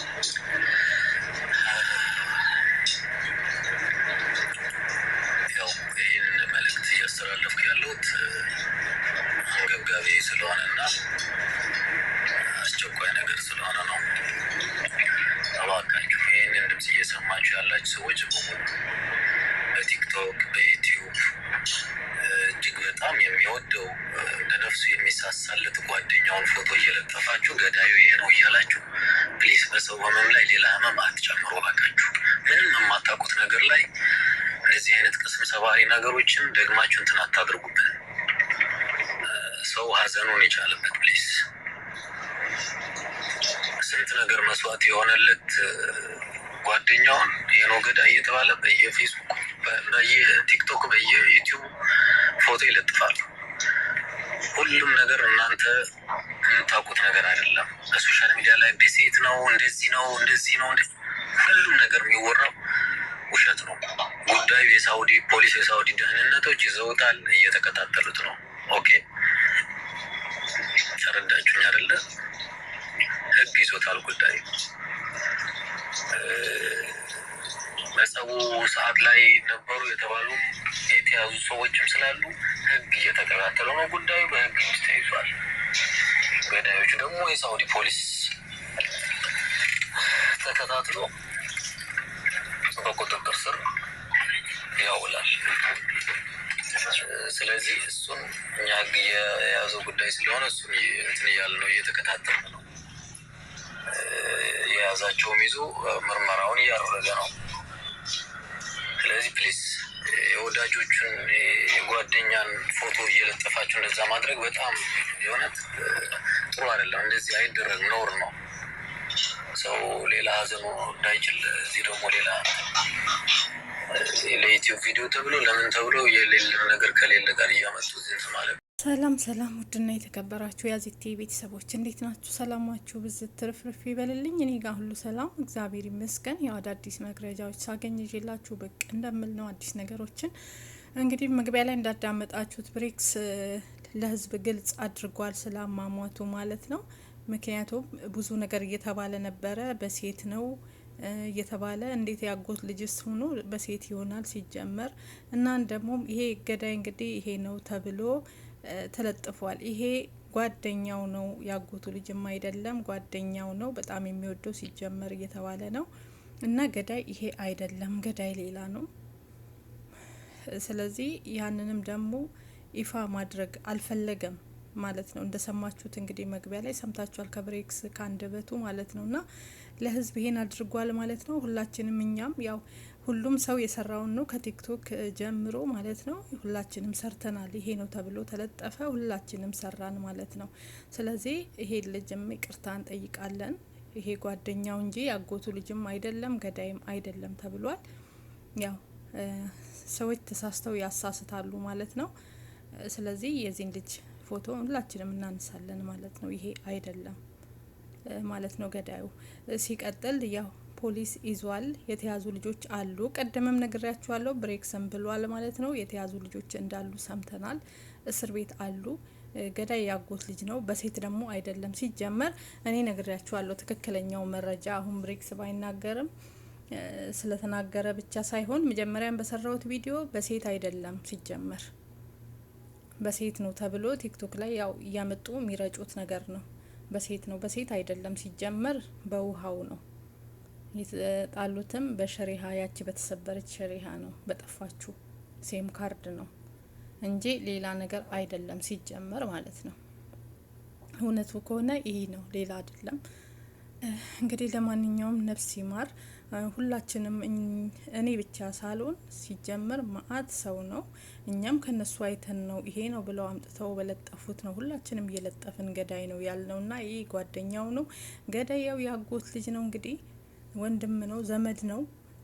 ሳሳለት መልእክት ያለሁት አንገብጋቢ ስለሆነ እና አስቸኳይ ነገር ስለሆነ ነው። እየሰማችሁ ሰዎች በቲክቶክ በዩቲዩብ እጅግ በጣም የሚወደው ለነፍሱ ጓደኛውን ፎቶ እየለጠፋችሁ ገዳዩ ይሄ ነው እያላችሁ ፕሊዝ በሰው ህመም ላይ ሌላ ህመም አትጨምሩ። በቃችሁ። ምንም የማታውቁት ነገር ላይ እንደዚህ አይነት ቅስም ሰባሪ ነገሮችን ደግማችሁ እንትን አታድርጉብን። ሰው ሀዘኑን የቻለበት ፕሊዝ። ስንት ነገር መስዋዕት የሆነለት ጓደኛውን ይህን ገዳ እየተባለ በየፌስቡክ በየቲክቶክ በየዩቲዩብ ፎቶ ይለጥፋል። ሁሉም ነገር እናንተ የምታውቁት ነገር አይደለም። በሶሻል ሚዲያ ላይ ቤሴት ነው እንደዚህ ነው እንደዚህ ነው ሁሉም ነገር የሚወራው ውሸት ነው። ጉዳዩ የሳውዲ ፖሊስ የሳውዲ ደህንነቶች ይዘውታል፣ እየተከታተሉት ነው። ኦኬ ተረዳችሁኝ አይደለ? ህግ ይዞታል ጉዳዩ በጸቡ ሰዓት ላይ ነበሩ የተባሉ የተያዙ ሰዎችም ስላሉ ህግ እየተከታተሉ ነው። ጉዳዩ በህግ ተይዟል። ገዳዮቹ ደግሞ የሳውዲ ፖሊስ ተከታትሎ በቁጥጥር ስር ያውላል። ስለዚህ እሱን እኛ የያዘው ጉዳይ ስለሆነ እሱን እንትን እያለ ነው፣ እየተከታተለ ነው። የያዛቸውም ይዞ ምርመራውን እያደረገ ነው። ስለዚህ ፕሊስ የወዳጆቹን የጓደኛን ፎቶ እየለጠፋችሁ እንደዛ ማድረግ በጣም የሆነት ጥሩ አይደለም። እንደዚህ አይደረግ ኖር ነው። ሰው ሌላ ሀዘኑ እንዳይችል እዚህ ደግሞ ሌላ ለዩቲዩብ ቪዲዮ ተብሎ ለምን ተብሎ የሌለ ነገር ከሌለ ጋር እያመጡ ዝንት ማለት ነው። ሰላም ሰላም፣ ውድና የተከበራችሁ የአዜቴ ቤተሰቦች እንዴት ናችሁ? ሰላማችሁ ብዝት ትርፍርፍ ይበልልኝ። እኔ ጋር ሁሉ ሰላም እግዚአብሔር ይመስገን። ያው አዳዲስ መግረጃዎች ሳገኝ ይዤላችሁ ብቅ እንደምል ነው። አዲስ ነገሮችን እንግዲህ መግቢያ ላይ እንዳዳመጣችሁት ብሬክስ ለህዝብ ግልጽ አድርጓል ስላማሟቱ ማለት ነው። ምክንያቱም ብዙ ነገር እየተባለ ነበረ። በሴት ነው እየተባለ እንዴት ያጎት ልጅስ ሆኖ በሴት ይሆናል ሲጀመር እናን ደግሞ ይሄ ገዳይ እንግዲህ ይሄ ነው ተብሎ ተለጥፏል። ይሄ ጓደኛው ነው ያጎቱ ልጅም አይደለም ጓደኛው ነው በጣም የሚወደው ሲጀመር እየተባለ ነው። እና ገዳይ ይሄ አይደለም ገዳይ ሌላ ነው። ስለዚህ ያንንም ደግሞ ይፋ ማድረግ አልፈለገም ማለት ነው። እንደሰማችሁት እንግዲህ መግቢያ ላይ ሰምታችኋል፣ ከብሬክስ ከአንደበቱ ማለት ነው። እና ለህዝብ ይሄን አድርጓል ማለት ነው። ሁላችንም እኛም ያው ሁሉም ሰው የሰራውን ነው ከቲክቶክ ጀምሮ ማለት ነው። ሁላችንም ሰርተናል። ይሄ ነው ተብሎ ተለጠፈ፣ ሁላችንም ሰራን ማለት ነው። ስለዚህ ይሄ ልጅም ይቅርታ እንጠይቃለን። ይሄ ጓደኛው እንጂ ያጎቱ ልጅም አይደለም ገዳይም አይደለም ተብሏል። ያው ሰዎች ተሳስተው ያሳስታሉ ማለት ነው። ስለዚህ የዚህን ልጅ ፎቶ ሁላችንም እናነሳለን ማለት ነው። ይሄ አይደለም ማለት ነው ገዳዩ። ሲቀጥል ያው ፖሊስ ይዟል። የተያዙ ልጆች አሉ። ቀደምም ነግሬያችኋለሁ። ብሬክሰን ብሏል ማለት ነው። የተያዙ ልጆች እንዳሉ ሰምተናል። እስር ቤት አሉ። ገዳይ ያጎት ልጅ ነው። በሴት ደግሞ አይደለም። ሲጀመር እኔ ነግሬያችኋለሁ። ትክክለኛው መረጃ አሁን ብሬክስ ባይናገርም ስለተናገረ ብቻ ሳይሆን መጀመሪያም በሰራሁት ቪዲዮ በሴት አይደለም ሲጀመር በሴት ነው ተብሎ ቲክቶክ ላይ ያው እያመጡ የሚረጩት ነገር ነው። በሴት ነው በሴት አይደለም ሲጀመር በውሃው ነው የተጣሉትም በሸሪሀ ያቺ በተሰበረች ሸሪሀ ነው በጠፋችሁ ሴም ካርድ ነው እንጂ ሌላ ነገር አይደለም ሲጀመር ማለት ነው። እውነቱ ከሆነ ይህ ነው፣ ሌላ አይደለም። እንግዲህ ለማንኛውም ነፍስ ይማር። ሁላችንም እኔ ብቻ ሳልሆን ሲጀመር መአት ሰው ነው። እኛም ከነሱ አይተን ነው ይሄ ነው ብለው አምጥተው በለጠፉት ነው ሁላችንም እየለጠፍን ገዳይ ነው ያልነው እና ይህ ጓደኛው ነው ገዳይ፣ ያው ያጎት ልጅ ነው እንግዲህ ወንድም ነው ዘመድ ነው።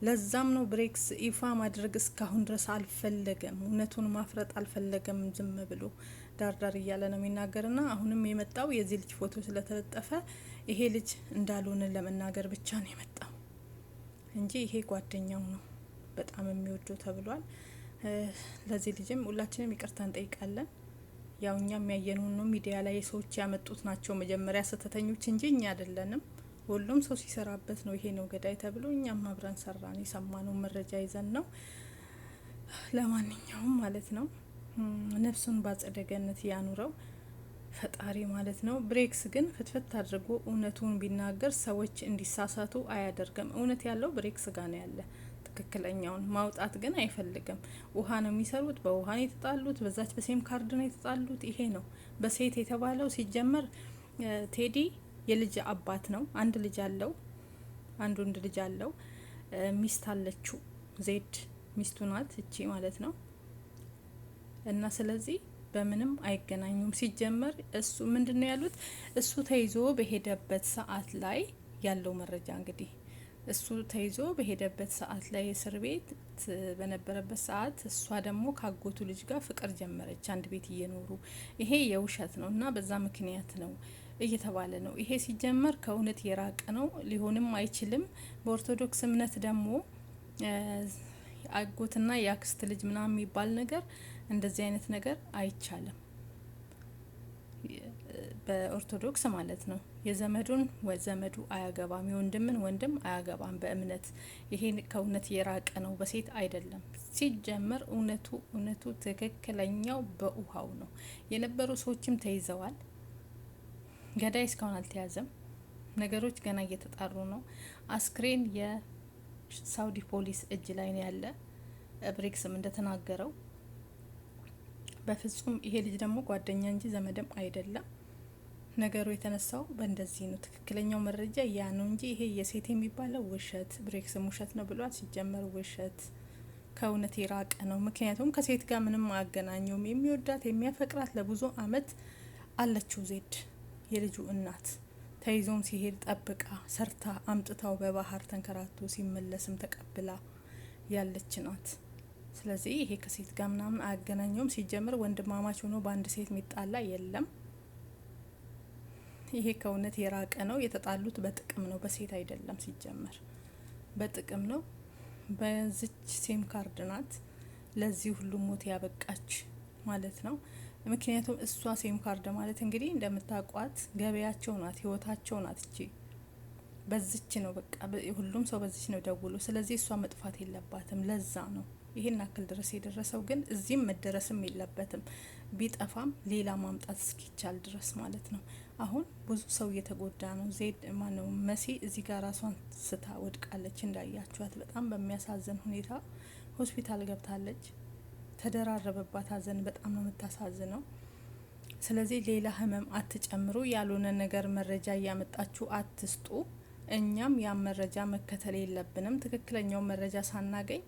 ለዛም ነው ብሬክስ ይፋ ማድረግ እስካሁን ድረስ አልፈለገም። እውነቱን ማፍረጥ አልፈለገም። ዝም ብሎ ዳርዳር እያለ ነው የሚናገርና አሁንም የመጣው የዚህ ልጅ ፎቶ ስለተለጠፈ ይሄ ልጅ እንዳልሆነ ለመናገር ብቻ ነው የመጣው። እንጂ ይሄ ጓደኛው ነው በጣም የሚወደው ተብሏል። ለዚህ ልጅም ሁላችንም ይቅርታ እንጠይቃለን። ያው እኛ የሚያየነውን ነው ሚዲያ ላይ የሰዎች ያመጡት ናቸው መጀመሪያ ስህተተኞች እንጂ እኛ አይደለንም። ሁሉም ሰው ሲሰራበት ነው ይሄ ነው ገዳይ ተብሎ እኛም አብረን ሰራን የሰማነው መረጃ ይዘን ነው። ለማንኛውም ማለት ነው ነፍሱን በአጸደ ገነት ያኑረው። ፈጣሪ ማለት ነው። ብሬክስ ግን ፍትፍት አድርጎ እውነቱን ቢናገር ሰዎች እንዲሳሳቱ አያደርግም። እውነት ያለው ብሬክስ ጋ ነው ያለ ትክክለኛውን ማውጣት ግን አይፈልግም። ውሃ ነው የሚሰሩት። በውሃ ነው የተጣሉት። በዛች በሴም ካርድ ነው የተጣሉት። ይሄ ነው በሴት የተባለው ሲጀመር ቴዲ የልጅ አባት ነው። አንድ ልጅ አለው። አንድ ወንድ ልጅ አለው። ሚስት አለችው። ዜድ ሚስቱ ናት፣ እቺ ማለት ነው እና ስለዚህ በምንም አይገናኙም። ሲጀመር እሱ ምንድን ነው ያሉት እሱ ተይዞ በሄደበት ሰዓት ላይ ያለው መረጃ እንግዲህ እሱ ተይዞ በሄደበት ሰዓት ላይ እስር ቤት በነበረበት ሰዓት እሷ ደግሞ ካጎቱ ልጅ ጋር ፍቅር ጀመረች። አንድ ቤት እየኖሩ ይሄ የውሸት ነው እና በዛ ምክንያት ነው እየተባለ ነው። ይሄ ሲጀመር ከእውነት የራቀ ነው፣ ሊሆንም አይችልም። በኦርቶዶክስ እምነት ደግሞ አጎትና የአክስት ልጅ ምናምን የሚባል ነገር እንደዚህ አይነት ነገር አይቻልም። በኦርቶዶክስ ማለት ነው። የዘመዱን ዘመዱ አያገባም፣ የወንድምን ወንድም አያገባም። በእምነት ይሄ ከእውነት የራቀ ነው። በሴት አይደለም ሲጀመር። እውነቱ እውነቱ ትክክለኛው በውሃው ነው። የነበሩ ሰዎችም ተይዘዋል። ገዳይ እስካሁን አልተያዘም። ነገሮች ገና እየተጣሩ ነው። አስክሬን የሳውዲ ፖሊስ እጅ ላይ ነው ያለ። ብሪክስም እንደተናገረው በፍጹም ይሄ ልጅ ደግሞ ጓደኛ እንጂ ዘመድም አይደለም። ነገሩ የተነሳው በእንደዚህ ነው። ትክክለኛው መረጃ ያ ነው እንጂ ይሄ የሴት የሚባለው ውሸት፣ ብሬክስም ውሸት ነው ብሏል። ሲጀመር ውሸት ከእውነት የራቀ ነው። ምክንያቱም ከሴት ጋር ምንም አያገናኘውም። የሚወዳት የሚያፈቅራት ለብዙ አመት አለችው ዜድ የልጁ እናት ተይዞም ሲሄድ ጠብቃ ሰርታ አምጥታው በባህር ተንከራቶ ሲመለስም ተቀብላ ያለች ናት። ስለዚህ ይሄ ከሴት ጋር ምናምን አያገናኘውም። ሲጀምር ወንድማማች ሆኖ በአንድ ሴት የሚጣላ የለም። ይሄ ከእውነት የራቀ ነው። የተጣሉት በጥቅም ነው፣ በሴት አይደለም። ሲጀመር በጥቅም ነው። በዝች ሴም ካርድ ናት ለዚህ ሁሉ ሞት ያበቃች ማለት ነው። ምክንያቱም እሷ ሴም ካርድ ማለት እንግዲህ እንደምታቋት ገበያቸው ናት፣ ህይወታቸው ናት። እቺ በዝች ነው በቃ ሁሉም ሰው በዚች ነው ደውሎ። ስለዚህ እሷ መጥፋት የለባትም። ለዛ ነው ይሄን አክል ድረስ የደረሰው ግን እዚህም መደረስም የለበትም ቢጠፋም ሌላ ማምጣት እስኪቻል ድረስ ማለት ነው። አሁን ብዙ ሰው እየተጎዳ ነው። ዜድ ማነው መሲ እዚህ ጋር ራሷን ስታ ወድቃለች እንዳያችኋት፣ በጣም በሚያሳዝን ሁኔታ ሆስፒታል ገብታለች። ተደራረበባት ሐዘን በጣም ነው የምታሳዝነው። ስለዚህ ሌላ ህመም አትጨምሩ፣ ያልሆነ ነገር መረጃ እያመጣችሁ አትስጡ። እኛም ያን መረጃ መከተል የለብንም። ትክክለኛው መረጃ ሳናገኝ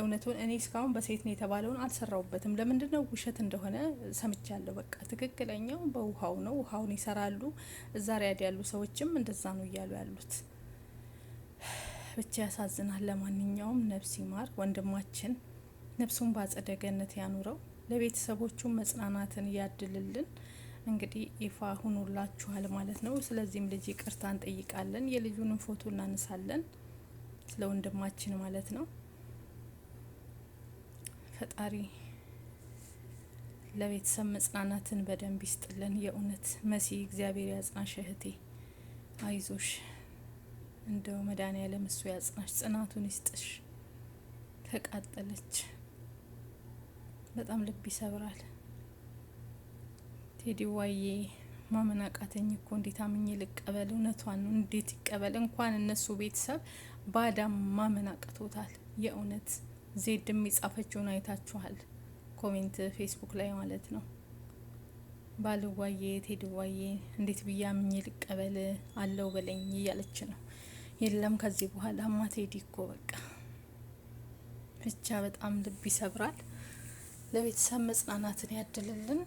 እውነቱን እኔ እስካሁን በሴት ነው የተባለውን አልሰራውበትም። ለምንድን ነው ውሸት እንደሆነ ሰምቻለሁ። በቃ ትክክለኛው በውሃው ነው። ውሃውን ይሰራሉ። እዛ ሪያድ ያሉ ሰዎችም እንደዛ ነው እያሉ ያሉት። ብቻ ያሳዝናል። ለማንኛውም ነፍስ ይማር ወንድማችን፣ ነፍሱን በአጸደ ገነት ያኑረው፣ ለቤተሰቦቹ መጽናናትን ያድልልን። እንግዲህ ይፋ ሁኑላችኋል ማለት ነው። ስለዚህም ልጅ ይቅርታ እንጠይቃለን። የልጁንም ፎቶ እናነሳለን ስለ ወንድማችን ማለት ነው። ፈጣሪ ለቤተሰብ መጽናናትን በደንብ ይስጥልን። የእውነት መሲ እግዚአብሔር ያጽናሽ እህቴ፣ አይዞሽ እንደው መድኃኔዓለም እሱ ያጽናሽ፣ ጽናቱን ይስጥሽ። ተቃጠለች። በጣም ልብ ይሰብራል። ቴዲ ዋዬ ማመን አቃተኝ እኮ እንዴት አምኜ ልቀበል? እውነቷን ነው። እንዴት ይቀበል? እንኳን እነሱ ቤተሰብ ባዳም ማመን አቅቶታል የእውነት ዜድም የጻፈችውን አይታችኋል። ኮሜንት ፌስቡክ ላይ ማለት ነው። ባልዋዬ ቴድዋዬ እንዴት ብዬ አምኜ ልቀበል አለው በለኝ እያለች ነው። የለም ከዚህ በኋላ ማ ቴዲ እኮ በቃ ብቻ በጣም ልብ ይሰብራል። ለቤተሰብ መጽናናትን ያድልልን።